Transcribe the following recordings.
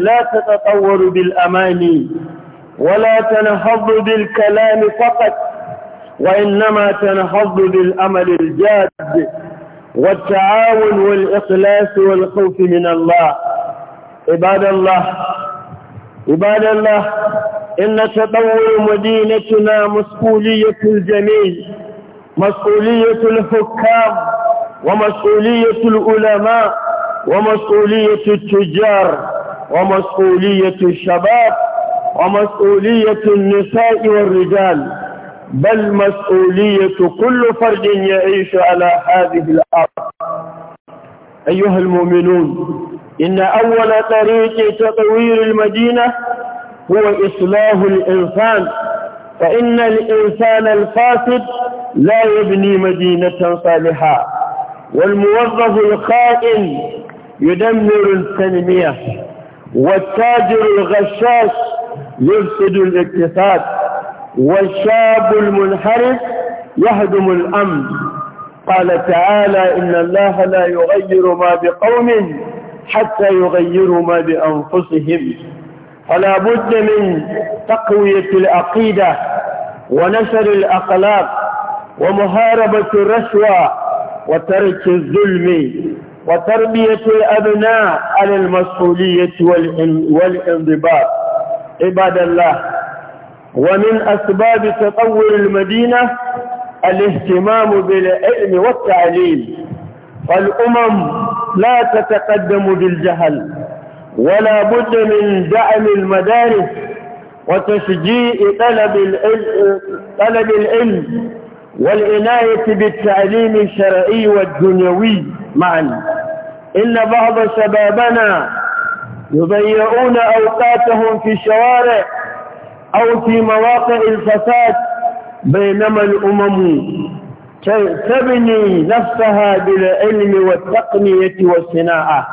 لا تتطور بالأماني ولا تنهض بالكلام فقط وإنما تنهض بالأمل الجاد والتعاون والإخلاص والخوف من الله عباد الله عباد الله إن تطور مدينتنا مسؤولية الجميع مسؤولية الحكام ومسؤولية العلماء ومسؤولية التجار ومسؤولية الشباب ومسؤولية النساء والرجال بل مسؤولية كل فرد يعيش على هذه الأرض أيها المؤمنون إن أول طريق تطوير المدينة هو إصلاح الإنسان فإن الإنسان الفاسد لا يبني مدينة صالحة والموظف الخائن يدمر التنمية والتاجر الغشاش يفسد الاقتصاد والشاب المنحرف يهدم الأمن قال تعالى إن الله لا يغير ما بقوم حتى يغيروا ما بأنفسهم فلا بد من تقوية العقيدة ونشر الأخلاق ومحاربة الرشوة وترك الظلم وتربية الأبناء على المسؤولية والانضباط عباد الله ومن أسباب تطور المدينة الاهتمام بالعلم والتعليم فالأمم لا تتقدم بالجهل ولا بد من دعم المدارس وتشجيع طلب العلم, طلب العلم والعناية بالتعليم الشرعي والدنيوي معا إن بعض شبابنا يضيعون أوقاتهم في الشوارع أو في مواقع الفساد بينما الأمم تبني نفسها بالعلم والتقنية والصناعة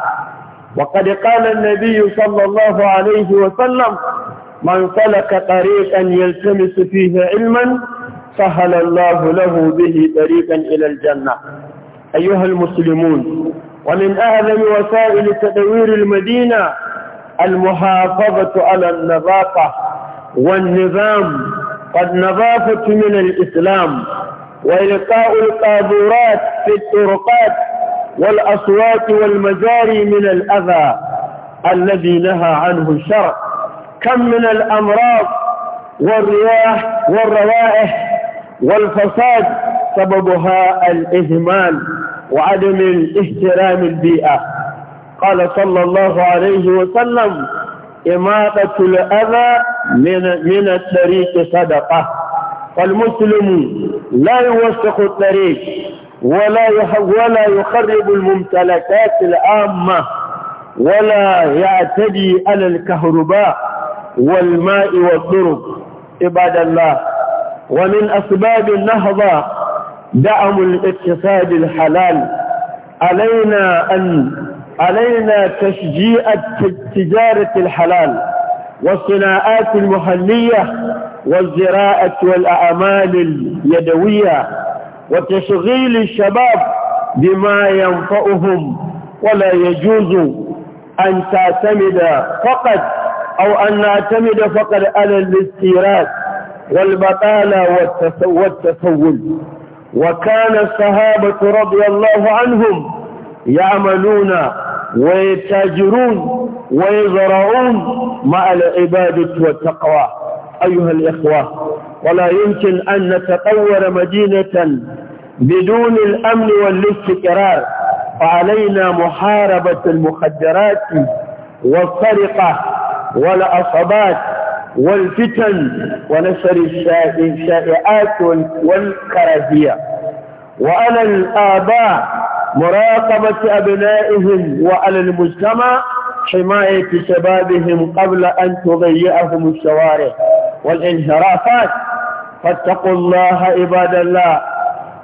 وقد قال النبي صلى الله عليه وسلم من سلك طريقا يلتمس فيه علما سهل الله له به طريقا إلى الجنة أيها المسلمون ومن أعظم وسائل تدوير المدينة المحافظة على النظافة والنظام والنظافة من الإسلام وإلقاء القابورات في الطرقات والأصوات والمجاري من الأذى الذي نهى عنه الشرع كم من الأمراض والرياح والروائح والفساد سببها الإهمال وعدم الاحترام البيئة قال صلى الله عليه وسلم إماطة الأذى من, من الطريق صدقة فالمسلم لا يوسخ الطريق ولا ولا يخرب الممتلكات العامة ولا يعتدي على الكهرباء والماء والطرق عباد الله ومن أسباب النهضة دعم الاقتصاد الحلال علينا أن علينا تشجيع التجارة الحلال والصناعات المحلية والزراعة والأعمال اليدوية وتشغيل الشباب بما ينفعهم ولا يجوز أن تعتمد فقط أو أن نعتمد فقط على الاستيراد والبطالة والتسول وكان الصحابة رضي الله عنهم يعملون ويتاجرون ويزرعون مع العبادة والتقوى أيها الإخوة ولا يمكن أن نتطور مدينة بدون الأمن والاستقرار فعلينا محاربة المخدرات والسرقة والعصابات والفتن ونشر الشائعات والكراهية وعلى الآباء مراقبة أبنائهم وعلى المجتمع حماية شبابهم قبل أن تضيئهم الشوارع والانحرافات فاتقوا الله عباد الله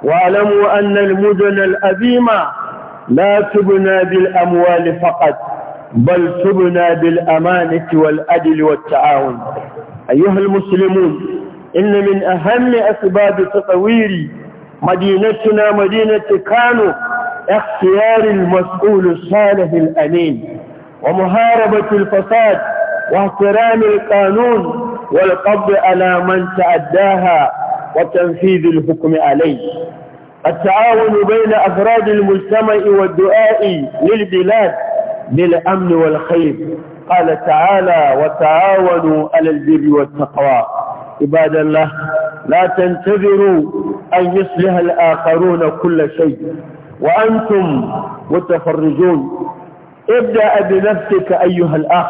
واعلموا أن المدن الأبيمة لا تبنى بالأموال فقط بل تبنى بالأمانة والأدل والتعاون أيها المسلمون إن من أهم أسباب تطوير مدينتنا مدينة كانو اختيار المسؤول الصالح الأمين ومحاربة الفساد واحترام القانون والقبض على من تعداها وتنفيذ الحكم عليه التعاون بين أفراد المجتمع والدعاء للبلاد للأمن والخير قال تعالى وتعاونوا على البر والتقوى عباد الله لا تنتظروا أن يصلح الآخرون كل شيء وأنتم متفرجون ابدأ بنفسك أيها الأخ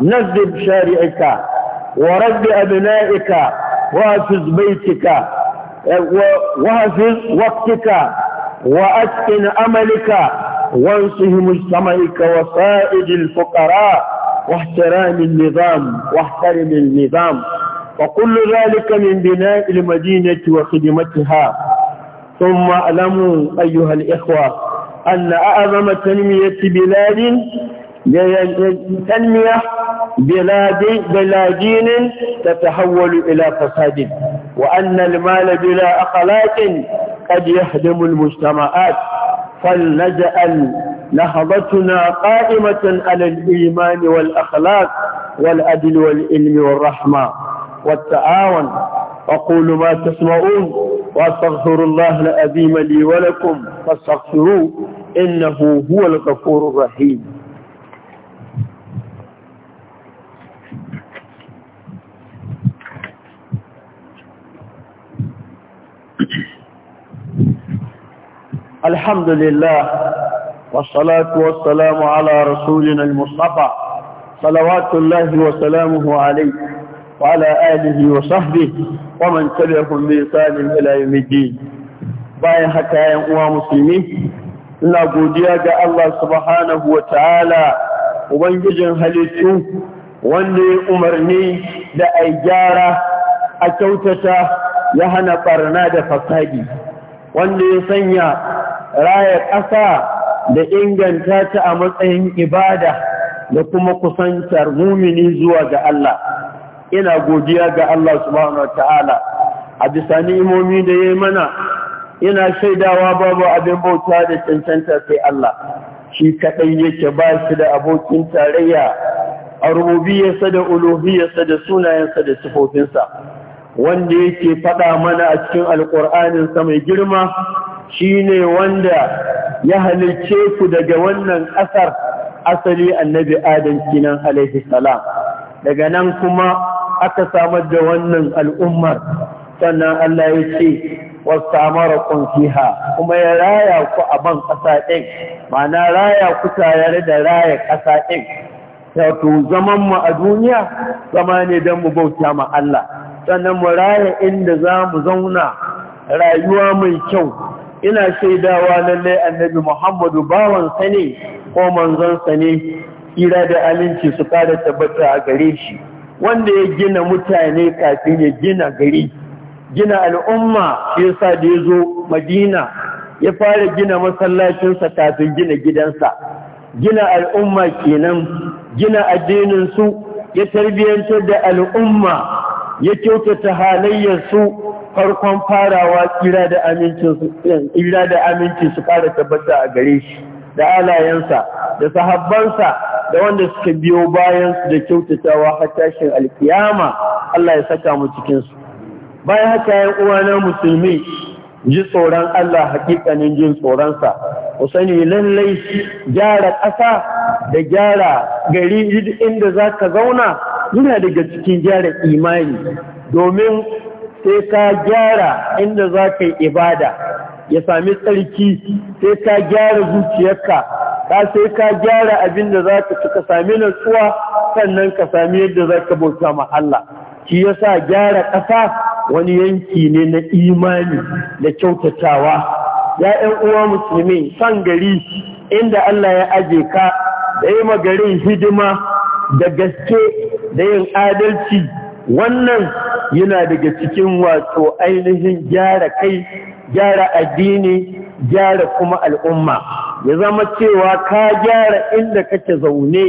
نذب شارعك ورد أبنائك وافز بيتك وافز وقتك وأتقن أملك وانصه مجتمعك وصائد الفقراء واحترام النظام واحترم النظام وكل ذلك من بناء المدينة وخدمتها ثم ألموا أيها الإخوة أن أعظم تنمية بلاد تنمية بلاد بلادين تتحول إلى فساد وأن المال بلا أخلاق قد يهدم المجتمعات فلنجعل نهضتنا قائمة على الإيمان والأخلاق والأدل والعلم والرحمة والتعاون أقول ما تسمعون وأستغفر الله العظيم لي ولكم فاستغفروه إنه هو الغفور الرحيم Thank you. الحمد لله والصلاة والسلام على رسولنا المصطفى صلوات الله وسلامه عليه وعلى آله وصحبه ومن تبعهم بإنسان إلى يوم الدين bayan haka yan uwa musulmi suna godiya ga Allah subhanahu wa ta'ala ubangijin halittu wanda ya umarni da a gyara a kyautata ya hana da fasadi wanda ya sanya raya ƙasa da inganta ta a matsayin ibada da kuma kusantar mumini zuwa ga Allah ina godiya ga Allah subhanahu ta'ala. a bisa ni'imomi da yayi mana ina shaidawa babu abin bauta da cancanta sai Allah shi kadai yake ba shi da abokin tarayya a rububiyarsa da uluhiyarsa da sunayensa da sifofinsa wanda yake faɗa mana a cikin alƙur'aninsa mai girma shine wanda ya halicce ku daga wannan ƙasar asali annabi adam kinan alaihi salam daga nan kuma aka samar da wannan al'ummar sannan Allah ya ce wasu fiha kuma ya raya ku a ban ƙasa ɗin Ma'ana raya ku tare da raya ƙasa ɗin wato zaman mu a duniya zama ne don mu bauta ma Allah sannan mu raya inda za mu zauna rayuwa mai kyau ina shaidawa lalle annabi Muhammadu bawan sani ne ko manzon sani ne kira da aminci su kada tabbata a gare shi wanda ya gina mutane kafin ya gina gari gina al'umma yasa da ya zo Madina ya fara gina masallacinsa kafin gina gidansa gina al'umma kenan gina addinin su ya tarbiyantar da al'umma ya kyautata halayyar su farkon farawa kira da aminci su ƙara eh, tabbata a gare shi da alayensa da sahabbansa da wanda suka biyo bayan su da kyautatawa har tashin alkiyama Allah ya saka mu cikinsu bayan haka yan uwana musulmi ji tsoron Allah hakikanin jin sa, ku sani lallai gyara ƙasa da gyara gari inda zaka ka zauna yana daga cikin gyara imani domin sai ka gyara inda za ka yi ibada ya sami tsarki sai ka gyara zuciyarka ka sai ka gyara abinda da za ka ci ka sami natsuwa sannan ka sami yadda za ka bauta ma Allah shi sa gyara ƙasa wani yanki ne na imani da kyautatawa ya uwa musulmi san gari inda Allah ya aje ka da yi garin hidima da gaske da yin adalci wannan yana daga cikin wato ainihin gyara kai gyara addini gyara kuma al'umma ya zama cewa ka gyara inda kake zaune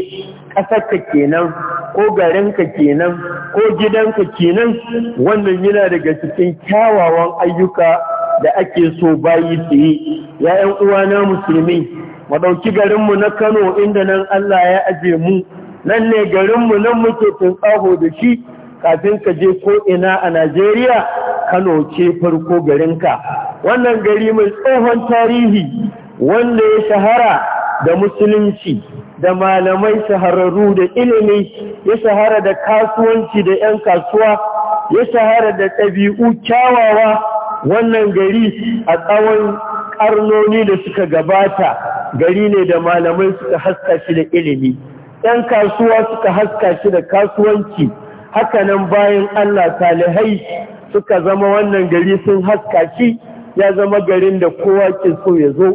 ƙasarka kenan ko garinka kenan ko gidanka kenan wannan yana daga cikin kyawawan ayyuka da ake so bayi su yi ‘ya'yan uwana musulmi maɗauki garinmu na kano inda nan Allah ya aje mu nan ne garinmu nan muke tsaho da shi kafin ka je ko ina a Najeriya Kano ce farko garinka wannan gari mai tsohon tarihi wanda ya shahara da musulunci da malamai shahararru da ilimi ya shahara da kasuwanci da 'yan kasuwa ya shahara da ɗabi'u kyawawa wannan gari a tsawon ƙarnoni da suka gabata gari ne da malamai suka haska shi da ilimi 'yan kasuwa suka haska shi da kasuwanci hakanan bayan Allah salihai suka zama wannan gari sun haska shi ya zama garin da kowa ke so ya zo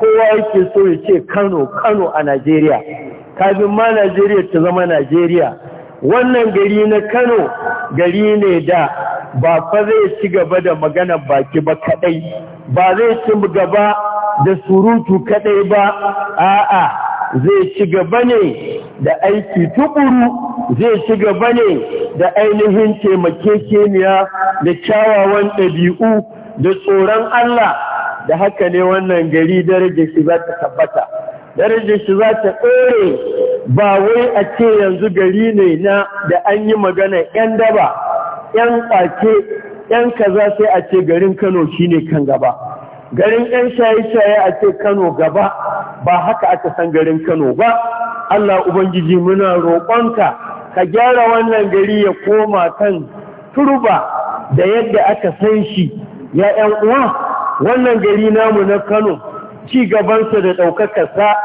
kowa yake so ya ce Kano Kano a Najeriya kafin ma Najeriya ta zama Najeriya wannan gari na Kano gari ne da ba fa zai ci gaba da magana baki ba kadai ba zai ci gaba da surutu kadai ba a'a zai ci gaba ne da aiki tukuru zai ci gaba ne da ainihin taimakekeniya da kyawawan ɗabi'u da tsoron Allah da haka ne wannan gari daraja shi za ta tabbata daraja shi za ta ɗore ba wai a ce yanzu gari ne na da an yi magana 'yan daba 'yan ƙake, 'yan kaza sai a ce garin kano shi ne kan gaba garin 'yan shaye-shaye a ce Kano gaba ba haka aka san garin Kano ba Allah Ubangiji muna roƙonka ka gyara wannan gari ya koma kan turba da yadda aka san shi ya 'yan uwa wannan gari namu na Kano ci gabansa da sa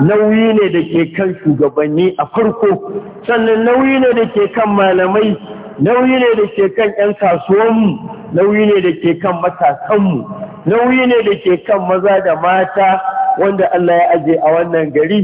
nauyi ne da ke kan shugabanni a farko sannan nauyi ne da ke kan malamai nauyi ne da ke kan 'yan kasuwanmu nauyi ne da ke kan matakanmu nauyi ne da ke kan maza da mata wanda Allah ya aje a wannan gari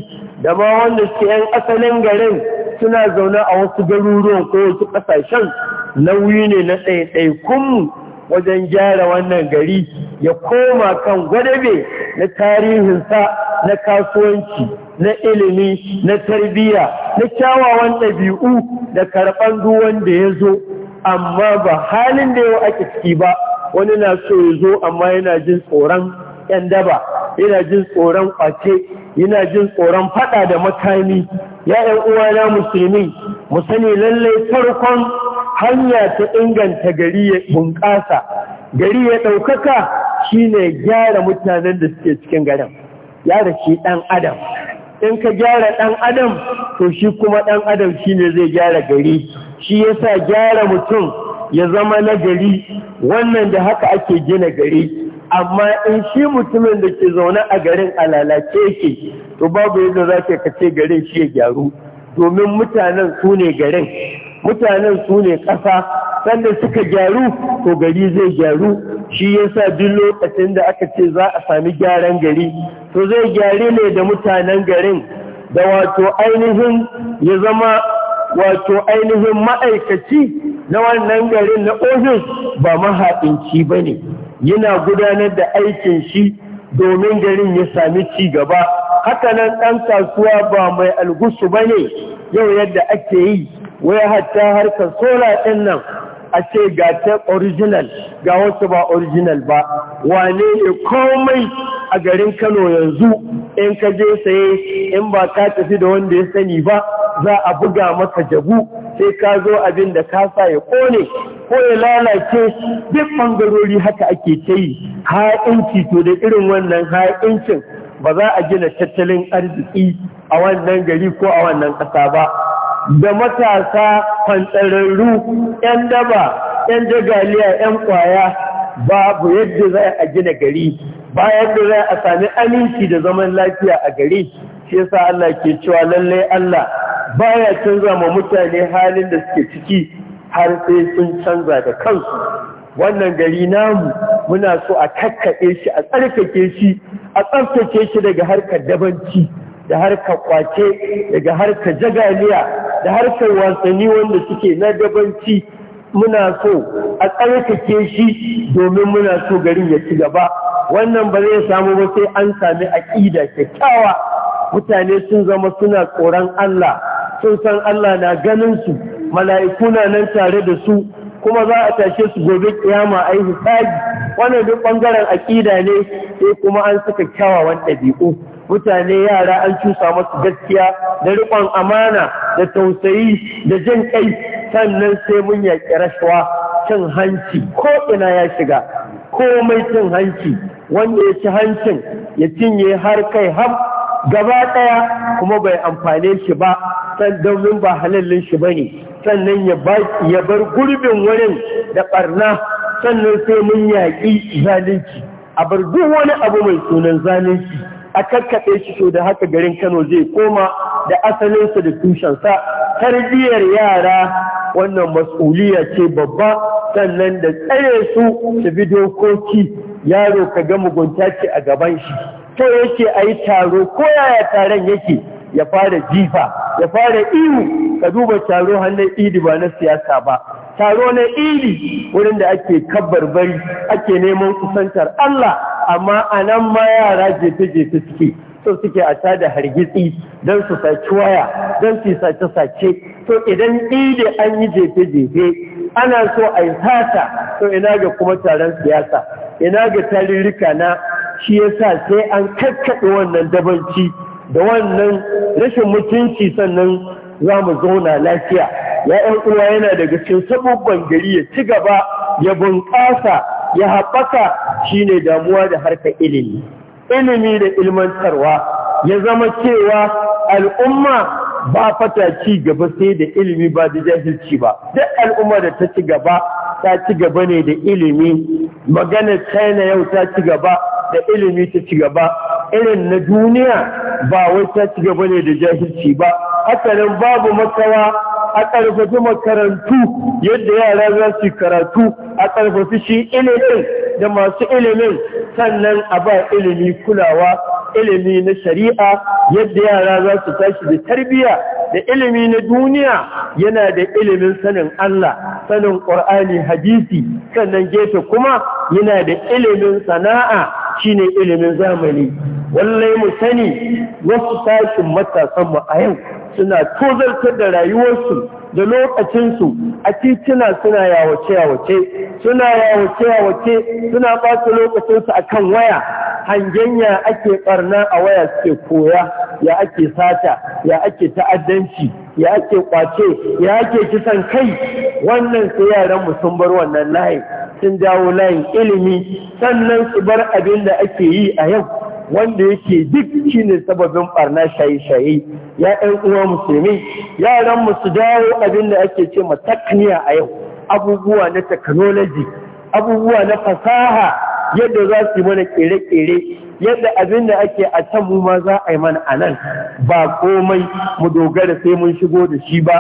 da ma wanda suke 'yan asalin garin suna zaune a wasu garuruwan ko wasu ƙasashen nauyi ne na ɗaiɗaikunmu wajen gyara wannan gari ya koma kan gwadabe na tarihinsa na kasuwanci na ilimi na tarbiyya na kyawawan ɗabi'u da karɓan duk wanda ya zo amma ba halin da yau ake ciki ba wani na so ya zo amma yana jin tsoron ‘yan daba yana jin tsoron kwace yana jin tsoron faɗa da makami ya ‘yan uwana musulmi mu sani lallai farkon hanya ta inganta gari ya bunƙasa gari ya ɗaukaka shine gyara mutanen da suke cikin garin Ya shi ɗan adam in ka gyara ɗan adam to shi kuma ɗan adam shi ne zai gyara gari shi ya sa gyara mutum ya zama na gari wannan da haka ake gina gari amma in shi mutumin da ke zaune a garin a lalace yake to babu yadda za ka kace garin shi ya gyaru domin mutanen su ne garin mutanen su ne ƙasa sanda suka gyaru to gari zai gyaru shi yasa duk lokacin da aka ce za a sami gyaran gari to zai gyari ne da mutanen garin da wato ainihin ya zama wato ainihin ma'aikaci na wannan garin na ofis ba mahaɗinci ba ne yana gudanar da aikin shi domin garin ya sami ci gaba hakanan ɗan kasuwa ba mai algusu ba ne yau yadda ake yi wai hatta harkar sola ɗin nan a ce ga ta original ga wasu ba original ba wane ne komai a garin Kano yanzu in ka je saye in ba ka tafi da wanda ya sani ba za a buga maka jabu sai ka zo abin da ka sa ya kone ko ya lalace duk bangarori haka ake ta yi ha'inci to da irin wannan ha'incin ba za a gina tattalin arziki a wannan gari ko a wannan ƙasa ba da matasa kwantsararru 'yan daba 'yan jagaliya 'yan kwaya babu yadda za a gina gari bayan da za a sami aminci da zaman lafiya a gari shi yasa Allah ke cewa lallai Allah ba ya canza ma mutane halin da suke ciki har sai sun canza da kansu wannan gari namu muna so a kakkaɗe shi a tsarkake shi a tsaftace shi daga harkar dabanci da harkar kwace daga harka jagaliya da harkar wasanni wanda suke na gabanci muna so a tsarkake shi domin muna so garin ya ci gaba wannan ba zai samu ba sai an sami aƙida kyakkyawa mutane sun zama suna tsoron Allah sun san Allah na ganin su mala'iku na nan tare da su kuma za a tashe su gobe kiyama a yi hisabi wannan duk bangaren aƙida ne sai kuma an saka kyawawan ɗabi'u mutane yara an cusa masu gaskiya da riƙon amana da tausayi da jin kai sannan sai mun yaƙi rashawa cin hanci ko ina ya shiga komai cin hanci wanda ya ci hancin ya cinye har kai har gaba ɗaya kuma bai amfane shi ba domin ba halallin shi ba ne sannan ya bar gurbin wurin da ɓarna sannan sai mun yaƙi zalunci a bar duk wani abu mai sunan zalunci a kakkaɓe shi so da haka garin Kano zai koma da asalinsa da tushensa tarbiyyar yara wannan mas'uliya ce babba sannan da tsare su su bi dokoki yaro ka ga mugunta ce a gaban shi to yake a yi taro ko yaya taron yake ya fara jifa ya fara ihu ka duba taro hannun idi ba na siyasa ba taro na ili wurin da ake bari, ake neman kusantar Allah amma a nan ma yara jefe-jefe suke so suke a da hargitsi don su saci waya don su sace-sace so idan ili an yi jefe-jefe ana so a yi sata so ina ga kuma taron siyasa ina ga tarirrika na shi yasa sai an kakkaɗe wannan dabanci da wannan rashin mutunci sannan za mu zauna lafiya ya uwa yana daga cikin sabubban gari ya ci gaba ya bunƙasa ya haɓaka shine damuwa da harka ilimi ilimi da ilmantarwa ya zama cewa al'umma ba fata ci gaba sai da ilimi ba da jahilci ba duk al'umma da ta ci gaba ta ci gaba ne da ilimi maganar china yau ta ci gaba da ilimi ta ci gaba irin na duniya ba wai ta ci gaba ne da jahilci ba hakanan babu makawa a ƙarfafi makarantu yadda yara za su karatu a ƙarfafi shi ilimin da masu ilimin sannan a ba ilimi kulawa ilimi na shari'a yadda yara za su tashi da tarbiyya da ilimi na duniya yana da ilimin sanin Allah sanin ƙur'ani hadisi sannan gefe kuma yana da ilimin sana'a shine ilimin zamani wallai mu sani wasu tashin matasanmu a yau suna tozartar da rayuwarsu da lokacinsu a tituna suna yawace-yawace suna yawace-yawace suna ɓata lokacinsu a kan waya hangen ya ake ɓarna a waya suke koya ya ake sata ya ake ta'addanci ya ake ƙwace ya ake kisan kai wannan sai yaran sun bar wannan layin sun dawo layin ilimi sannan su bar abin da ake yi a yau wanda yake duk shi ne sababin barna shaye-shaye ya ɗan uwa musulmi yaran mu su dawo abin da ake ce ma takniya a yau abubuwa na technology abubuwa na fasaha yadda za su yi mana ƙere kere yadda abin da ake a can mu ma za a yi mana a nan ba komai mu dogara sai mun shigo da shi ba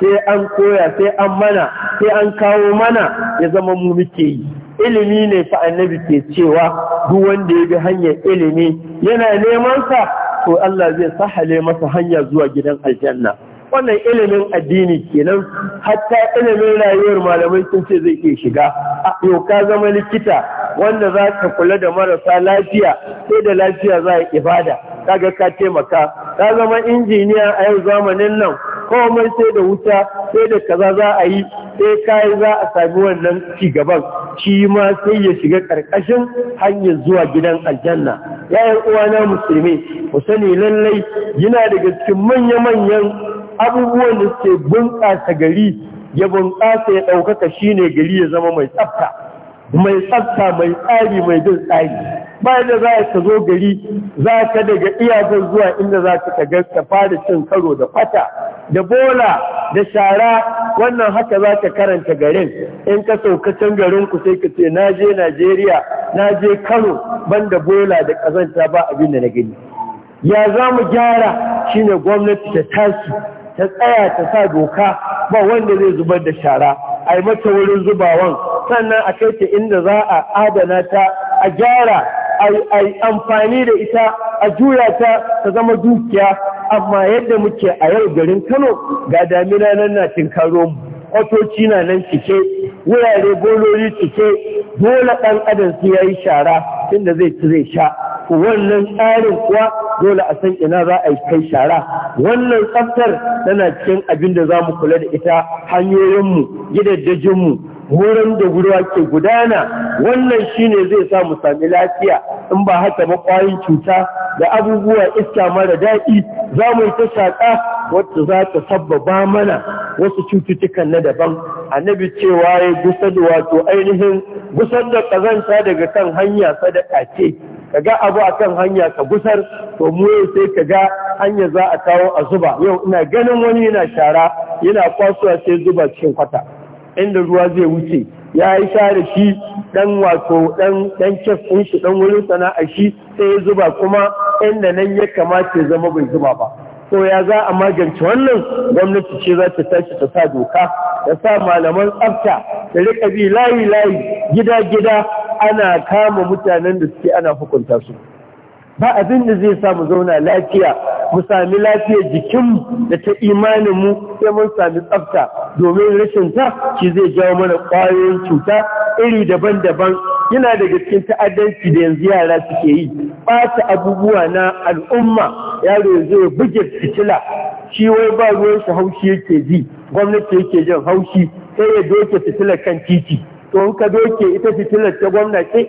sai an koya sai an mana sai an kawo mana ya zama mu muke yi ilimi ne fa annabi ke cewa duk wanda ya bi hanyar ilimi yana neman sa to Allah zai sahale masa hanya zuwa gidan aljanna wannan ilimin addini kenan hatta ilimin rayuwar malamai sun ce zai iya shiga yau ka zama likita wanda za ka kula da marasa lafiya sai da lafiya za a ibada kaga ka taimaka ka zama injiniya a yau zamanin nan komai sai da wuta sai da kaza za a yi sai kayi za a sami wannan ci gaban shi ma sai ya shiga karkashin hanyar zuwa gidan aljanna yayin uwana musulmi ku sani lallai yana daga cikin manya-manyan abubuwan da suke bunƙasa gari ya bunƙasa ya ɗaukaka shi ne gari ya zama mai tsafta mai tsafta mai tsari mai bin tsari Ba da za ka zo gari za ka daga iyakar zuwa inda za ka ka fara cin karo da fata da bola da shara wannan haka za ka karanta garin in ka sauka garin ku sai ka ce na je Najeriya na je Kano da bola da kazanta ba abin da na gani ya za mu gyara shine gwamnati ta tashi ta tsaya ta sa doka ba wanda zai zubar da shara a yi mata wurin zubawan sannan a kai ta inda za a adana ta a gyara a yi amfani da ita a juya ta ta zama dukiya amma yadda muke a yau garin kano ga damina nan na tinkaro mu otoci na nan cike wurare bololi cike dole ɗan adam su ya yi shara tunda zai ci zai sha wannan tsarin kuwa dole a san ina za a yi kai shara wannan tsaftar tana cikin abin da za mu kula da ita hanyoyinmu gidaddajinmu wurin da ruwa ke gudana wannan shine zai sa mu sami lafiya in ba haka ba kwayoyin cuta da abubuwa iska mara daɗi za mu yi ta shaƙa wacce za ta sabbaba mana wasu cututtukan na daban annabi cewa ya gusar da wato ainihin gusar da ƙazanta daga kan hanya sadaka ce ka ga abu a kan hanya ka gusar to mu sai ka ga hanya za a kawo a zuba yau ina ganin wani yana shara yana kwasuwa sai zuba cikin kwata inda ruwa zai wuce ya yi share shi dan wato dan dan kef din shi dan wurin sana'a shi sai ya zuba kuma inda nan ya kamata ya zama bai zuba ba to ya za a magance wannan gwamnati ce za ta tashi ta sa doka ta sa malaman tsafta da riƙa bi layi layi gida gida ana kama mutanen da suke ana hukunta su ba abin da zai sa mu zauna lafiya mu sami lafiyar jikinmu da ta imaninmu sai mun sami tsafta domin rashin ta shi zai jawo mana ƙwayoyin cuta iri daban-daban yana daga cikin ta'addanci da yanzu yara suke yi ɓata abubuwa na al'umma yaro yanzu ya buge fitila shi wai ba ruwan shi haushi yake ji gwamnati yake jin haushi sai ya doke fitilar kan titi to in ka doke ita fitilar ta gwamnati?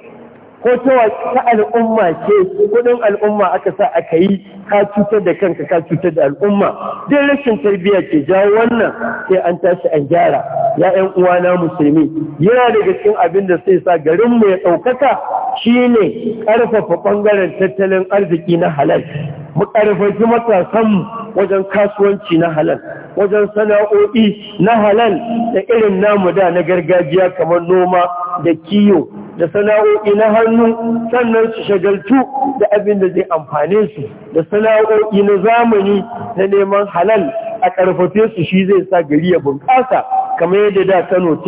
ko ta al'umma ce kudin al'umma aka sa aka yi ka cutar da kanka ka cutar da al'umma dai rashin tarbiyya ke jawo wannan sai an tashi an gyara ya ƴan uwana musulmi yana daga cikin abin da sai sa garin mu ya ɗaukaka shine ƙarfafa ɓangaren tattalin arziki na halal mu ƙarfafi matasanmu wajen kasuwanci na halal wajen sana'o'i na halal da irin namu da na gargajiya kamar noma da kiyo da sana'o'i na hannu sannan su shagaltu da abin da zai amfane su da sana'o'i na zamani na neman halal a ƙarfafe su shi zai sa gari ya bunƙasa kamar yadda da Kano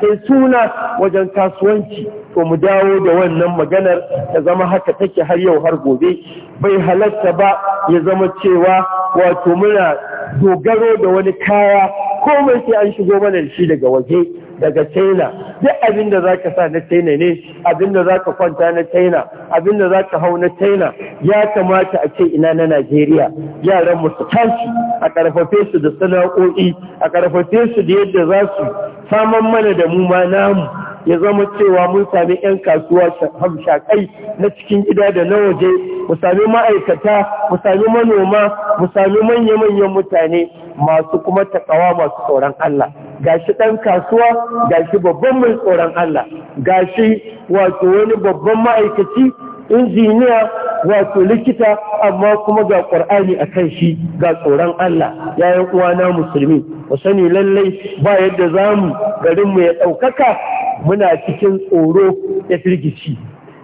sai suna wajen kasuwanci to mu dawo da wannan maganar ta zama haka take har yau har gobe bai halatta ba ya zama cewa wato muna dogaro da wani kaya komai sai an shigo mana shi daga waje daga china duk abin da za ka sa na china ne abinda da za ka kwanta na china abinda da za ka hau na china ya kamata a ce ina na najeriya yaran mu su tashi a karfafe su da sana'o'i a karfafe su da yadda za su saman mana da mu ma namu ya zama cewa mun sami 'yan kasuwa hamshakai na cikin gida da na waje mu sami ma'aikata mu sami manoma mu sami manya-manyan mutane masu kuma taƙawa masu tsoron Allah gashi ɗan kasuwa gashi babban mai tsoron Allah gashi wato wani babban ma'aikaci injiniya wato likita amma kuma ga ƙwar'ani a kan shi ga tsoron Allah yayin uwana musulmi ku sani lallai ba yadda za mu garinmu ya ɗaukaka muna cikin tsoro ya firgici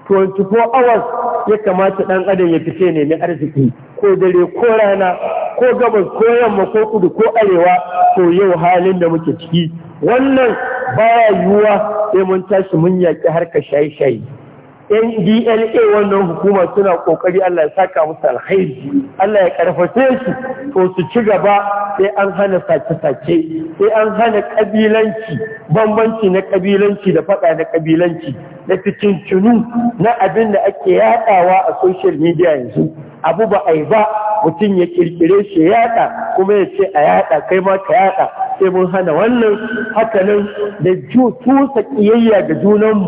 24 hours ya kamata ɗan adam ya fice ne nemi arziki ko dare ko rana ko gabas ko yamma ko kudu ko arewa to yau halin da muke ciki wannan baya yiwuwa sai mun tashi mun yaƙi harkar shaye-shaye ndla wannan hukuma suna kokari Allah ya saka musu alhaji Allah ya karfafe su to su ci gaba sai an hana sace-sace sai an hana kabilanci bambanci na kabilanci da faɗa na kabilanci na cikin cinu na abin da ake yadawa a social media yanzu abu ba a ba mutum ya kirkire shi ya yaɗa kuma ya ce a yaɗa kai ma ka yaɗa sai mun hana wannan hakanan da ju tusa kiyayya ga junan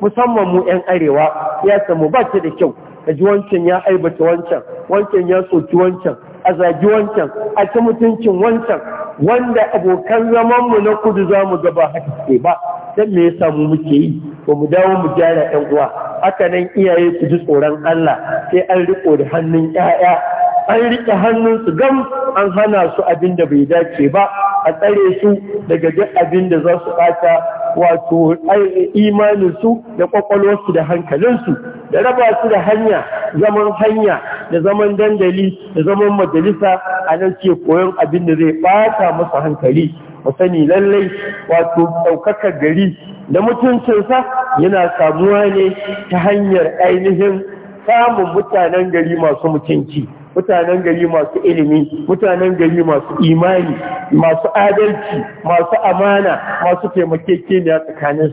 musamman mu 'yan arewa ya samu ba ta da kyau da ji wancan ya aibata wancan wancan ya soki wancan a zagi wancan a ci mutuncin wancan wanda abokan zamanmu na kudu za mu gaba haka ke ba don me yasa mu muke yi ba mu dawo mu gyara yan uwa haka nan iyaye su ji tsoron Allah sai an riko da hannun 'ya'ya an riƙe hannunsu gam an hana su abin da bai dace ba a tsare su daga duk abin da za su ɓata wato imaninsu da ƙwaƙwalwarsu da hankalinsu da raba su da hanya zaman hanya da zaman dandali da zaman majalisa a nan ce koyon abin da zai ɓata masa hankali mu sani lallai wato ɗaukakar gari da mutuncinsa yana samuwa ne ta hanyar ainihin samun mutanen gari masu mutunci mutanen gari masu ilimi mutanen gari masu imani masu adalci masu amana masu taimakekeniya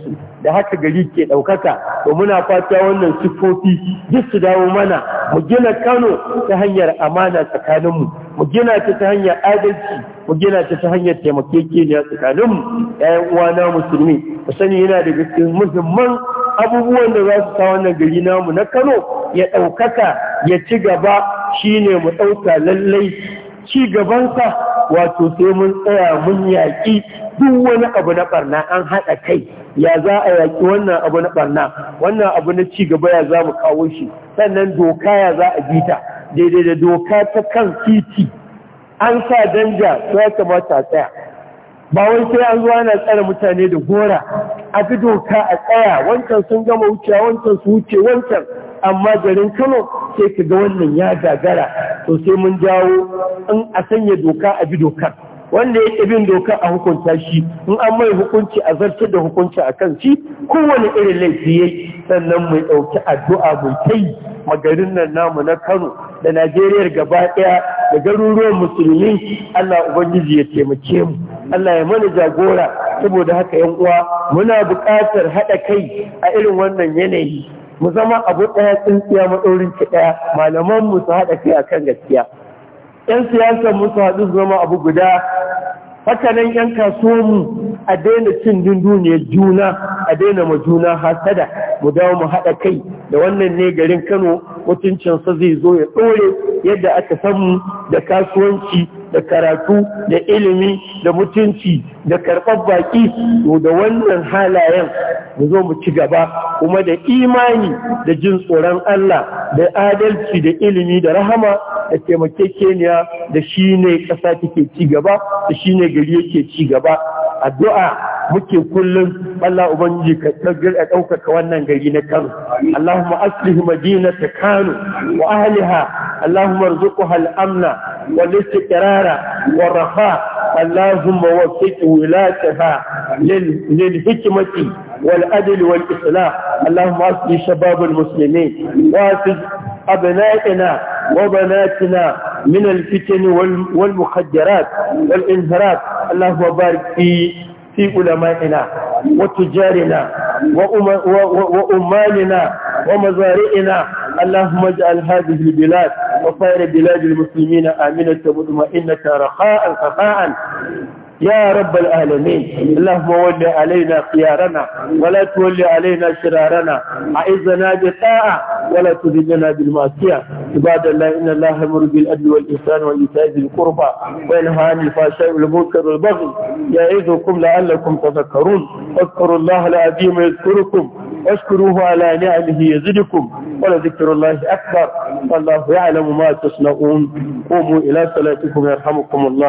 su da haka gari ke ɗaukaka to muna fata wannan siffofi duk su dawo mana mu gina kano ta hanyar amana tsakaninmu mu gina ta ta hanyar adalci mu gina ta ta hanyar taimakekeniya tsakaninmu ‘ya'yan uwana musulmi mu sani yana da cikin muhimman abubuwan da za su sa wannan gari namu na kano ya ɗaukaka ya ci gaba shine ne mu ɗauka lallai ci gabansa wato sai mun tsaya mun yaƙi duk wani abu na barna an haɗa kai ya za a yaƙi wannan abu na barna wannan abu na ci gaba ya za mu kawo shi sannan doka ya za a bita daidai da doka ta kan titi an sa danja sai ya kamata tsaya ba wai sai an zo ana tsara mutane da gora a fi doka a tsaya wancan sun gama wucewa wancan su wuce wancan amma garin kano sai ka ga wannan ya gagara to sai mun jawo in a sanya doka a bi dokar wanda ya bin doka a hukunta shi in an mai hukunci a zartar da hukunci a kan shi kowane irin laifi yayi sannan mai ɗauki addu'a mai kai magarin nan namu na Kano da Najeriya gaba ɗaya da garuruwan musulmi Allah ubangiji ya taimake mu Allah ya mana jagora saboda haka yan uwa muna buƙatar haɗa kai a irin wannan yanayi mu zama abu ɗaya tsintsiya maɗaurin ki ɗaya malaman mu su haɗa kai akan gaskiya Ƴan siyasar mu su haɗu zama abu guda Hakanan nan yan kasuwanmu mu a daina cin dunduniyar juna a daina ma juna hasada mu dawo mu haɗa kai da wannan ne garin Kano mutuncinsa zai zo ya ɗore yadda aka samu da kasuwanci da karatu da ilimi da mutunci da karɓar baƙi to da wannan halayen da zo mu ci gaba kuma da imani da jin tsoron Allah da adalci da ilimi da rahama da taimakekeniya da shi ne ƙasa take ci gaba da shi ne gari yake ci gaba addu'a muke kullum Allah Ubangiji ka ɗaukaka wannan gari na Kano. Allahumma aslih madinata Kano wa ahliha Allahumma arzuqha al-amna wal istiqrara wa rafa Allahumma waffiqhu ولاتها للحكمة والعدل والإصلاح اللهم أصلي شباب المسلمين وأصلي أبنائنا وبناتنا من الفتن والمخدرات والإنهارات اللهم بارك في في علمائنا وتجارنا وأمالنا ومزارعنا اللهم اجعل هذه البلاد وخير بلاد المسلمين آمنة مطمئنة رخاء رخاء يا رب العالمين اللهم ول علينا خيارنا ولا تولي علينا شرارنا أعزنا بطاعة ولا تذلنا بالمعصية عباد الله إن الله يأمر بالعدل والإحسان وإيتاء ذي القربى وينهى عن الفحشاء والمنكر والبغي يعظكم لعلكم تذكرون اذكروا الله العظيم يذكركم واشكروه على نعمه يزدكم ولذكر الله أكبر والله يعلم ما تصنعون قوموا إلى صلاتكم يرحمكم الله